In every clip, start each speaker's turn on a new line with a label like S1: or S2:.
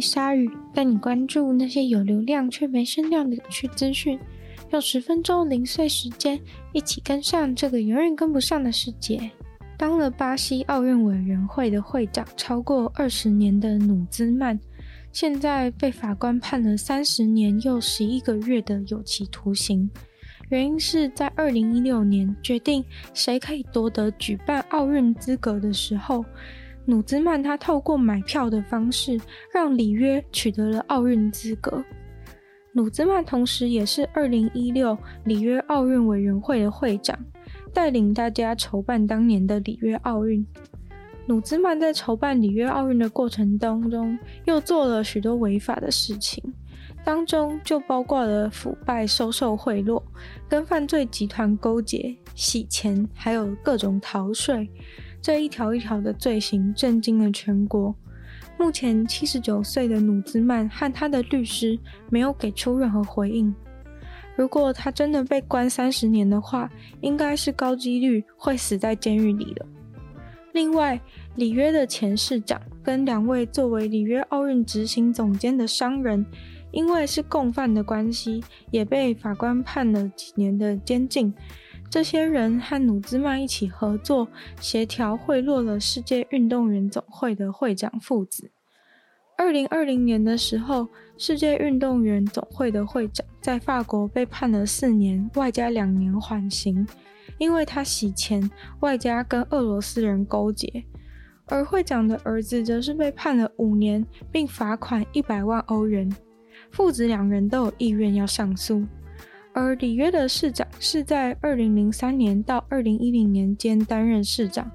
S1: 鯊魚帶你關注那些有流量卻沒聲量的有趣資訊，用十分鐘零碎時間，一起跟上這個永遠跟不上的世界。當了巴西奧運委員會的會長超過二十年的努茲曼，現在被法官判了三十年又十一個月的有期徒刑，原因是在二零一六年決定誰可以奪得舉辦奧運資格的時候。努茲曼他透過買票的方式，讓里約取得了奧運資格。努茲曼同時也是二零一六里約奧運委員會的會長，帶領大家籌辦當年的里約奧運。努茲曼在籌辦里約奧運的過程當中，又做了許多違法的事情，當中就包括了腐敗、收受賄賂、跟犯罪集團勾結、洗錢，還有各種逃稅。這一條一條的罪行震驚了全國。目前，七十九歲的努茲曼和他的律師沒有給出任何回應。如果他真的被關三十年的話，應該是高幾率會死在監獄裡了。另外，里約的前市長跟兩位作為里約奧運執行總監的商人，因為是共犯的關係，也被法官判了幾年的監禁。這些人和努茲曼一起合作，協調賄賂了世界運動員總會的會長父子。二零二零年的時候，世界運動員總會的會長在法國被判了四年，外加兩年緩刑，因為他洗錢，外加跟俄羅斯人勾結。而會長的兒子則是被判了五年，並罰款一百萬歐元。父子兩人都有意願要上訴。而里約的市長是在2003年到2010年間擔任市長，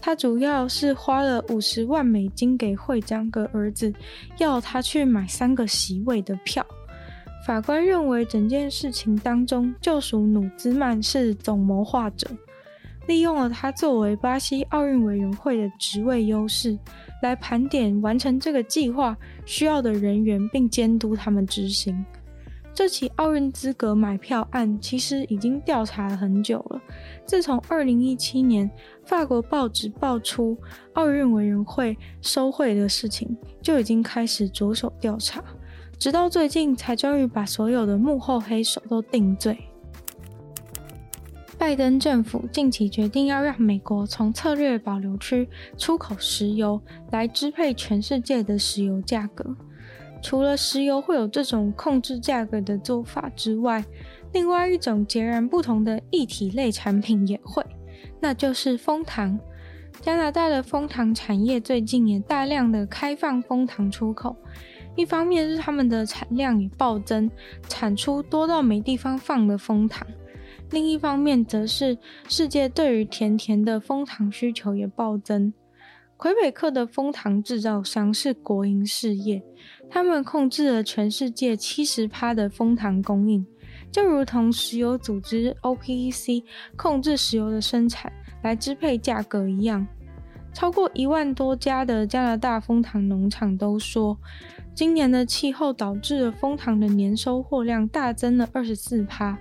S1: 他主要是花了50萬美金給會長的兒子，要他去買三個席位的票。法官認為，整件事情當中，就屬努茲曼是總謀劃者，利用了他作為巴西奧運委員會的職位優勢，來盤點完成這個計劃需要的人員，並監督他們執行。這起奧運資格買票案其實已經調查了很久了。自從二零一七年法國報紙爆出奧運委員會收賄的事情，就已經開始着手調查，直到最近才終於把所有的幕後黑手都定罪。拜登政府近期決定要讓美國從策略保留區出口石油，來支配全世界的石油價格。除了石油會有這種控制價格的做法之外，另外一種截然不同的液體類產品也會，那就是楓糖。加拿大的楓糖產業最近也大量的開放楓糖出口，一方面是他們的產量也暴增，產出多到沒地方放的楓糖；另一方面則是世界對於甜甜的楓糖需求也暴增。魁北克的楓糖製造商是國營事業。他們控制了全世界七十趴的楓糖供應，就如同石油組織 OPEC 控制石油的生產來支配價格一樣。超過一萬多家的加拿大楓糖農場都說，今年的氣候導致了楓糖的年收穫量大增了二十四趴。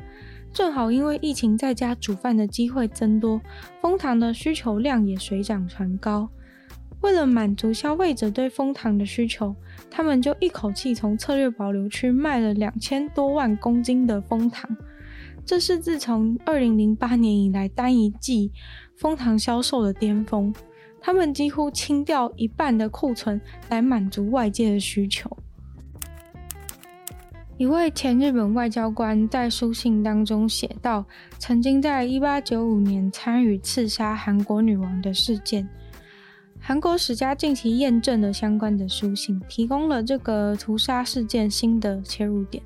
S1: 正好因為疫情在家煮飯的機會增多，楓糖的需求量也水漲船高。為了滿足消費者對楓糖的需求，他們就一口氣從策略保留區賣了兩千多萬公斤的楓糖，這是自從2008年以來單一季楓糖銷售的巔峰。他們幾乎清掉一半的庫存來滿足外界的需求。一位前日本外交官在書信當中寫道：“曾經在1895年參與刺殺韓國女王的事件。”韓國史家近期驗證了相關的書信，提供了這個屠殺事件新的切入點。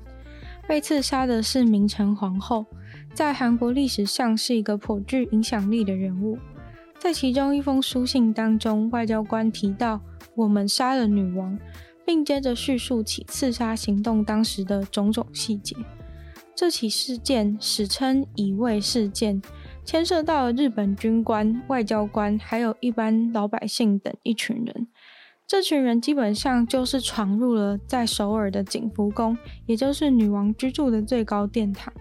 S1: 被刺殺的是明成皇後，在韓國歷史上是一個頗具影響力的人物。在其中一封書信當中，外交官提到：“我們殺了女王，並接着敘述起刺殺行動當時的種種細節。”這起事件史稱“乙未事件”。牽涉到了日本軍官、外交官，還有一般老百姓等一群人。這群人基本上就是闖入了在首爾的景福宮，也就是女王居住的最高殿堂。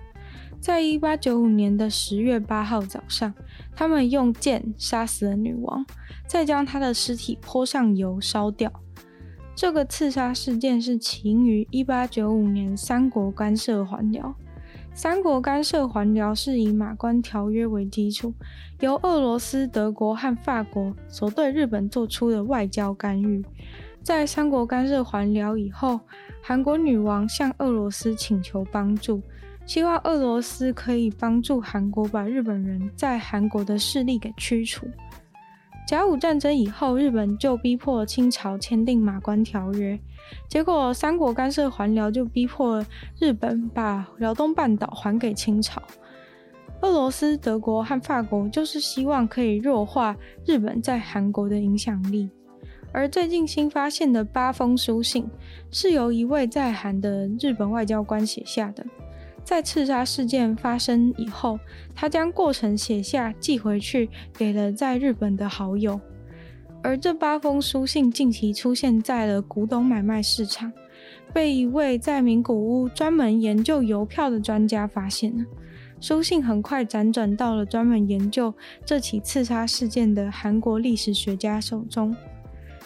S1: 在一八九五年的十月八號早上，他們用劍殺死了女王，再將她的屍體潑上油燒掉。這個刺殺事件是起因於一八九五年三國干涉還遼。三國干涉還遼是以馬關條約為基礎，由俄羅斯、德國和法國所對日本做出的外交干預。在三國干涉還遼以後，韓國女王向俄羅斯請求幫助，希望俄羅斯可以幫助韓國把日本人在韓國的勢力給驅除。甲午戰爭以後，日本就逼迫清朝簽訂《馬關條約》，結果三國干涉還遼就逼迫日本把遼東半島還給清朝。俄羅斯、德國和法國就是希望可以弱化日本在韓國的影響力。而最近新發現的八封書信，是由一位在韓的日本外交官寫下的。在刺殺事件發生以後，他將過程寫下，寄回去給了在日本的好友。而這八封書信近期出現在了古董買賣市場，被一位在名古屋專門研究郵票的專家發現了。書信很快輾轉到了專門研究這起刺殺事件的韓國歷史學家手中。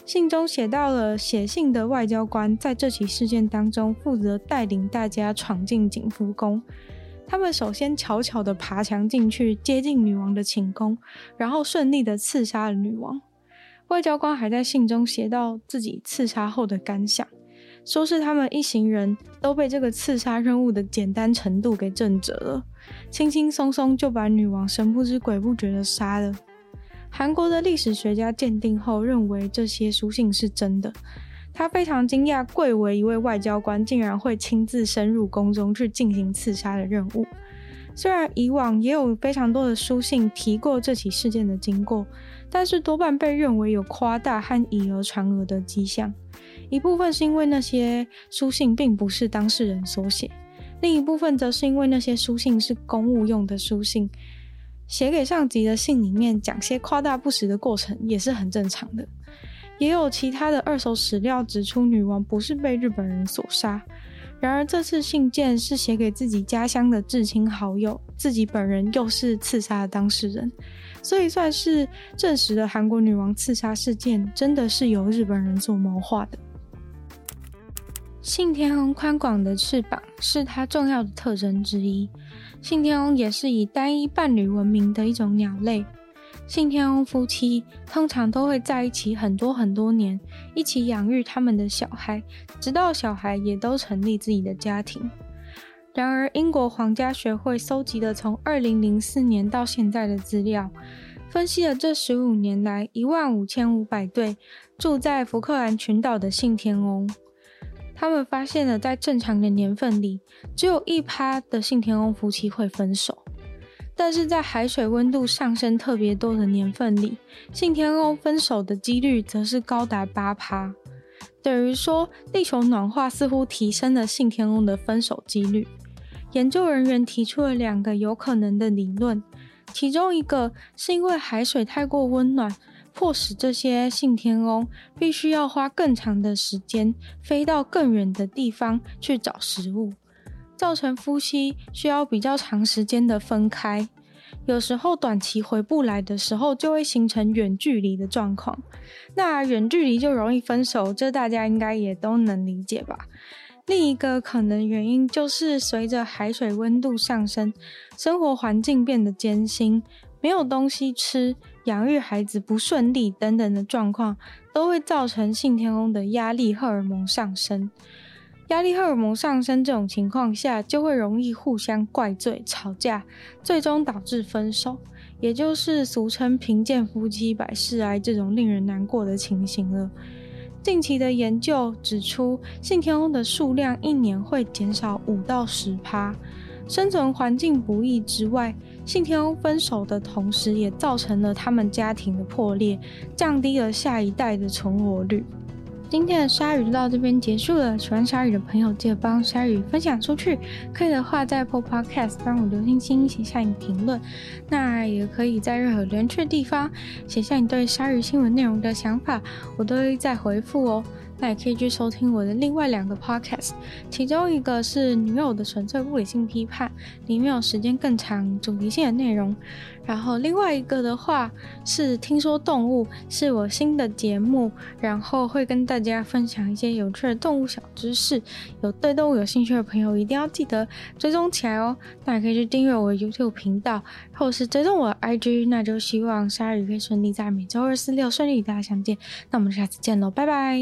S1: 信中寫到了寫信的外交官在這起事件當中負責帶領大家闖進景福宮，他們首先悄悄的爬牆進去接近女王的寢宮，然後順利的刺殺了女王。外交官還在信中寫到自己刺殺後的感想，說是他們一行人都被這個刺殺任務的簡單程度給震懾了，輕輕鬆鬆就把女王神不知鬼不覺的殺了。韓國的歷史學家鑑定後認為這些書信是真的。他非常驚訝，貴為一位外交官，竟然會親自深入宮中去進行刺殺的任務。雖然以往也有非常多的書信提過這起事件的經過，但是多半被認為有誇大和以訛傳訛的跡象。一部分是因為那些書信並不是當事人所寫，另一部分則是因為那些書信是公務用的書信。寫給上級的信裡面講些誇大不實的過程也是很正常的，也有其他的二手史料指出女王不是被日本人所殺。然而這次信件是寫給自己家鄉的至親好友，自己本人又是刺殺的當事人，所以算是證實了韓國女王刺殺事件真的是由日本人所謀劃的。信天翁寬廣的翅膀是它重要的特徵之一。信天翁也是以單一伴侶聞名的一種鳥類。信天翁夫妻通常都會在一起很多很多年，一起養育他們的小孩，直到小孩也都成立自己的家庭。然而，英國皇家學會蒐集了從二零零四年到現在的資料，分析了這十五年來一萬五千五百對住在福克蘭群島的信天翁。他們發現了，在正常的年份裡，只有一趴的信天翁夫妻會分手，但是在海水溫度上升特別多的年份裡，信天翁分手的幾率則是高達八趴。等於說，地球暖化似乎提升了信天翁的分手幾率。研究人員提出了兩個有可能的理論，其中一個是因為海水太過溫暖。迫使這些信天翁必須要花更長的時間飛到更遠的地方去找食物，造成夫妻需要比較長時間的分開。有時候短期回不來的時候，就會形成遠距離的狀況。那遠距離就容易分手，這大家應該也都能理解吧？另一個可能原因就是隨着海水溫度上升，生活環境變得艱辛，沒有東西吃。養育孩子不順利等等的狀況，都會造成信天翁的壓力荷爾蒙上升。壓力荷爾蒙上升這種情況下，就會容易互相怪罪、吵架，最終導致分手，也就是俗稱“貧賤夫妻百事哀”這種令人難過的情形了。近期的研究指出，信天翁的數量一年會減少五到十趴。生存環境不易之外，信天翁分手的同時，也造成了他們家庭的破裂，降低了下一代的存活率。今天的鯊魚就到這邊結束了。喜歡鯊魚的朋友，記得幫鯊魚分享出去。可以的話，在 Podcast 幫我留星星，寫下你評論。那也可以在任何留言的地方寫下你對鯊魚新聞內容的想法，我都會再回復哦。那也可以去收聽我的另外兩個 podcast，其中一個是《女友的純粹不理性批判》，裡面有時間更長、主題性的內容。然後另外一個的話是《聽說動物》，是我新的節目，然後會跟大家分享一些有趣的動物小知識。有對動物有興趣的朋友，一定要記得追蹤起來哦。那也可以去訂閱我 YouTube 頻道，或是追蹤我的 IG。那就希望鯊魚可以順利在每週二、四、六順利與大家相見。那我們下次見嘍，拜拜。